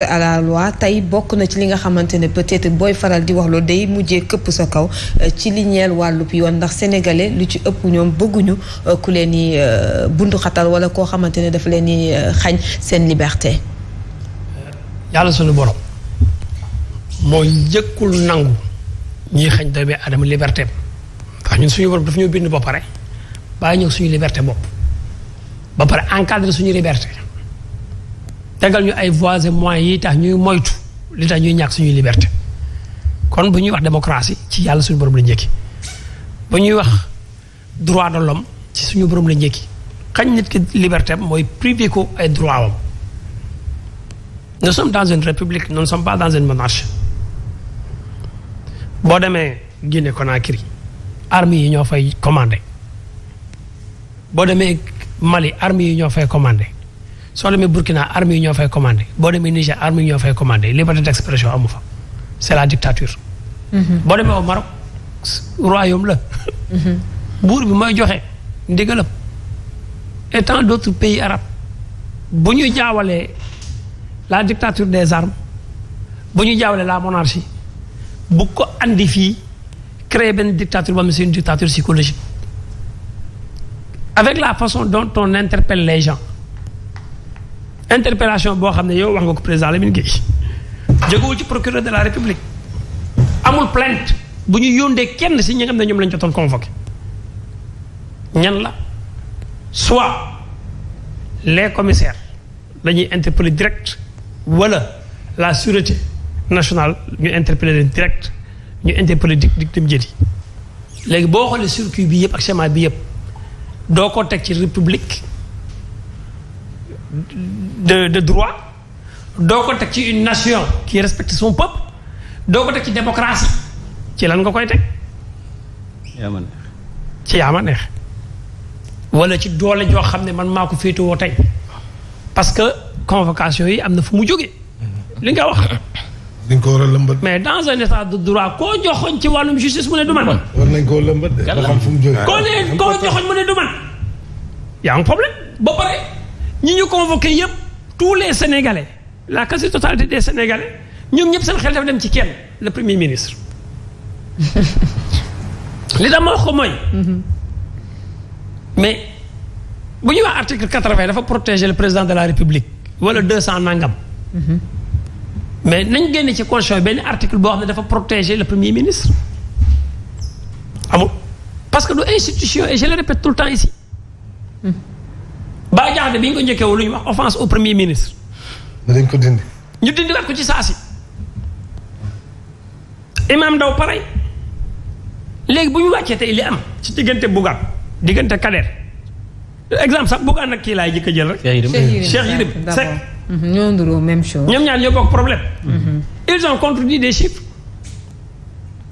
à la loi tey bokk na ci li nga xamante ne peut-être booy faral di wax loolu day mujjee këpp sa kaw euh, ci li ñeel wàllub yoon ndax sénégalais lu ci ëpp ñoom bëgguñu euh, ku leen i euh, buntu xatal wala koo xamante ne dafa leen i xañ seen liberté. yàlla suñu borom moo jëkkul nangu ñuy xañ doomi aadama liberté ndax ñun suñu borom dafa ñoo bind ba pare bàyyi ñëw suñu liberté bopp ba pare encadré suñu liberté. tegal ñu ay voies et moyens yi tax ñuy moytu li tax ñuy ñàkk suñuy liberté kon bu ñuy wax démocratie ci yàlla suñu borom la njëkki bu ñuy wax droit de l'homme ci suñu borom la njëkki xañ nit ki liberté mooy privé ay droit am nous sommes dans une république nous ne sommes pas dans une monarchie boo demee Guinée Conakry armée yi ñoo fay commandé boo demee Mali armée yi ñoo fay commandé soo demee Burkina armes yi ñoo fay commandé boo demee Niger armes yi ñoo fay commandé liberté d' expression amu fa c' la dictature. Mm-hmm. boo demee au Maroc royaume la. Mm-hmm. buur bi mooy joxe ndigalam et tant d' autres pays arabes bu ñuy jaawale la dictature des armes bu ñu jaawale la monarchie bu ko andi fii créer benn dictature ba mu c'est une dictature psychologique avec la façon dont on interpelle les gens. interpellation boo xam ne yow wax nga ko président Lamine Guèye jógewul ci procureur de la république amul plainte bu ñu yóndee kenn si ñi nga xam ñoom lañ jotoon convoqué ñan la soit les commissaires dañuy interpeller direct wala la sûreté nationale ñu interpeller leen direct ñu interpeller di di dem jëli léegi boo xoolee circuit bi yëpp ak schéma bi yëpp doo ko teg ci république de de droit doo ko teg ci une nation kii respecte son peuple doo ko teg ci démocratie ci lan nga koy teg. yaa ma neex. ci yaa ma ci doole joo xam ne man maa ko féetewoo tey parce que convocation yi am na fu mu jógee. li nga wax. dañ ko war a lëmbal. mais dans un état de droit koo joxoñ ci wàllum justice mu ne du man. war nañ koo lëmbal de. fu mu jógee. koo ne joxoñ mu ne du man. yaa ngi problème ba pare. ñi ñu convoqué yëpp tous les sénégalais la quasi totalité des sénégalais ñoom ñëpp seen xel dafa dem ci kenn le premier ministre. li dama wax ko mooy. Mhm. mais bu ñu wax article quatre-vingt dafa protéger le président de la république wala deux cent nangam. Mhm. mais nañ génne ci constitution benn article boo xam ne dafa protéger le premier ministre. amul parce que du institution et je le répète tout le temps ici. Mhm. baa Diakhaté bi ñu ko njëkkee lu ñu wax offense au premier ministre. dañ ko dindi. ñu dindi wat ko ci saasi. Imam Daw pare léegi bu ñu wàccee tey li am ci diggante Bougane diggante Kader exemple sax Bougane nag kii laay jëkk jël rek. Cheikh Yérim Seck mhm, ñoo nduroo même chose. ñoom ñaar ñoo bokk problème. Mhm. ils ont contredit des chiffres.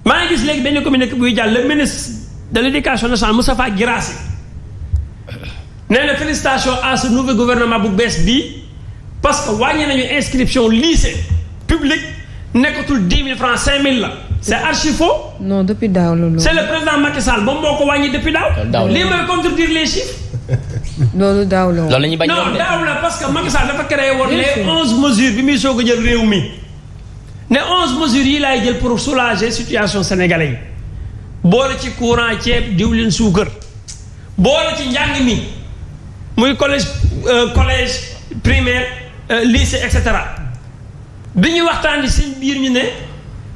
maa ngi gis léegi benn communiqué buy jàll le ministre de l' éducation nationale Moustapha Guirassy nee na félicitation à ce nouveau gouvernement bu bees bii parce que wàññi nañu inscription lycée public nekkatul dix mille francs cinq mille la. c' est archi faux. non depuis daaw loolu. c' est le président Macky Sall moo ko wàññi depuis daaw. lii mooy contredire les chiffres. loolu daaw la woon. bañ non daaw la parce que Macky Sall dafa créé woon. ne onze mesures bi muy soo a jël réew mi. ne onze mesures yi laay jël pour soulager situation sénégalais yi. boole ci courant ceeb diwlin suukar. ci njàng mi. muy collège euh, collège primaire euh, lycée et cetera bi ñu waxtaanee si biir ñu ne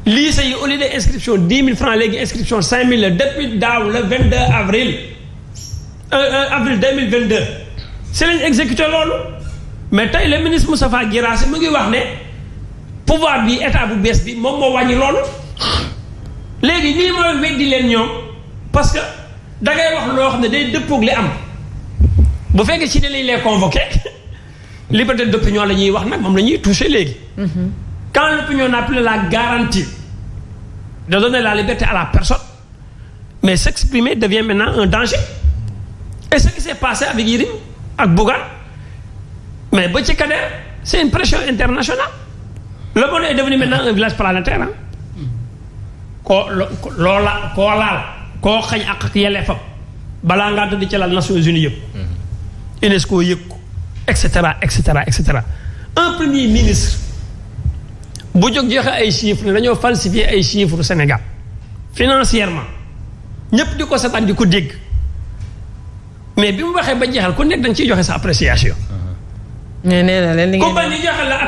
lycée yi au lieu de inscription dix mille francs léegi inscription cinq mille la depuis daaw le vingt deux avril euh, avril deux mille vingt deux si lañ exécuté loolu mais tey le ministre Moustapha Guirassy mu ngi wax ne pouvoir bi état bu bees bi moom moo wàññi loolu léegi lii mooy weddi leen ñoom parce que dangay wax loo xam ne day dëppook li am. bu fekkee si ne lañ lay convoqué liberté d'opinion la ñuy wax nag moom la ñuy touché léegi. Mhm. quand l'opinion appelle la garantie de donner la liberté à la personne mais s'exprimer devient maintenant un danger et ce qui s'est passé avec Yérim ak Bougane mais ba ci Kader c'est une pression internationale le de est devenu maintenant un village planétaire ah koo loola laal koo xañ ak ak yelleefam balaa ngaa tëdd ci laal Nations Unies yëpp mhm. UNESCO yëg ko et cetera et cetera et cetera un premier ministre bu jóg joxe ay chiffres ne dañoo falsifier ay chiffres Sénégal financièrement ñëpp di ko seetaan di ko dégg mais bi mu waxee ba jeexal ku nekk dañ ciy joxe sa appréciation. mais nee leen li ngeen compagnie joxe la.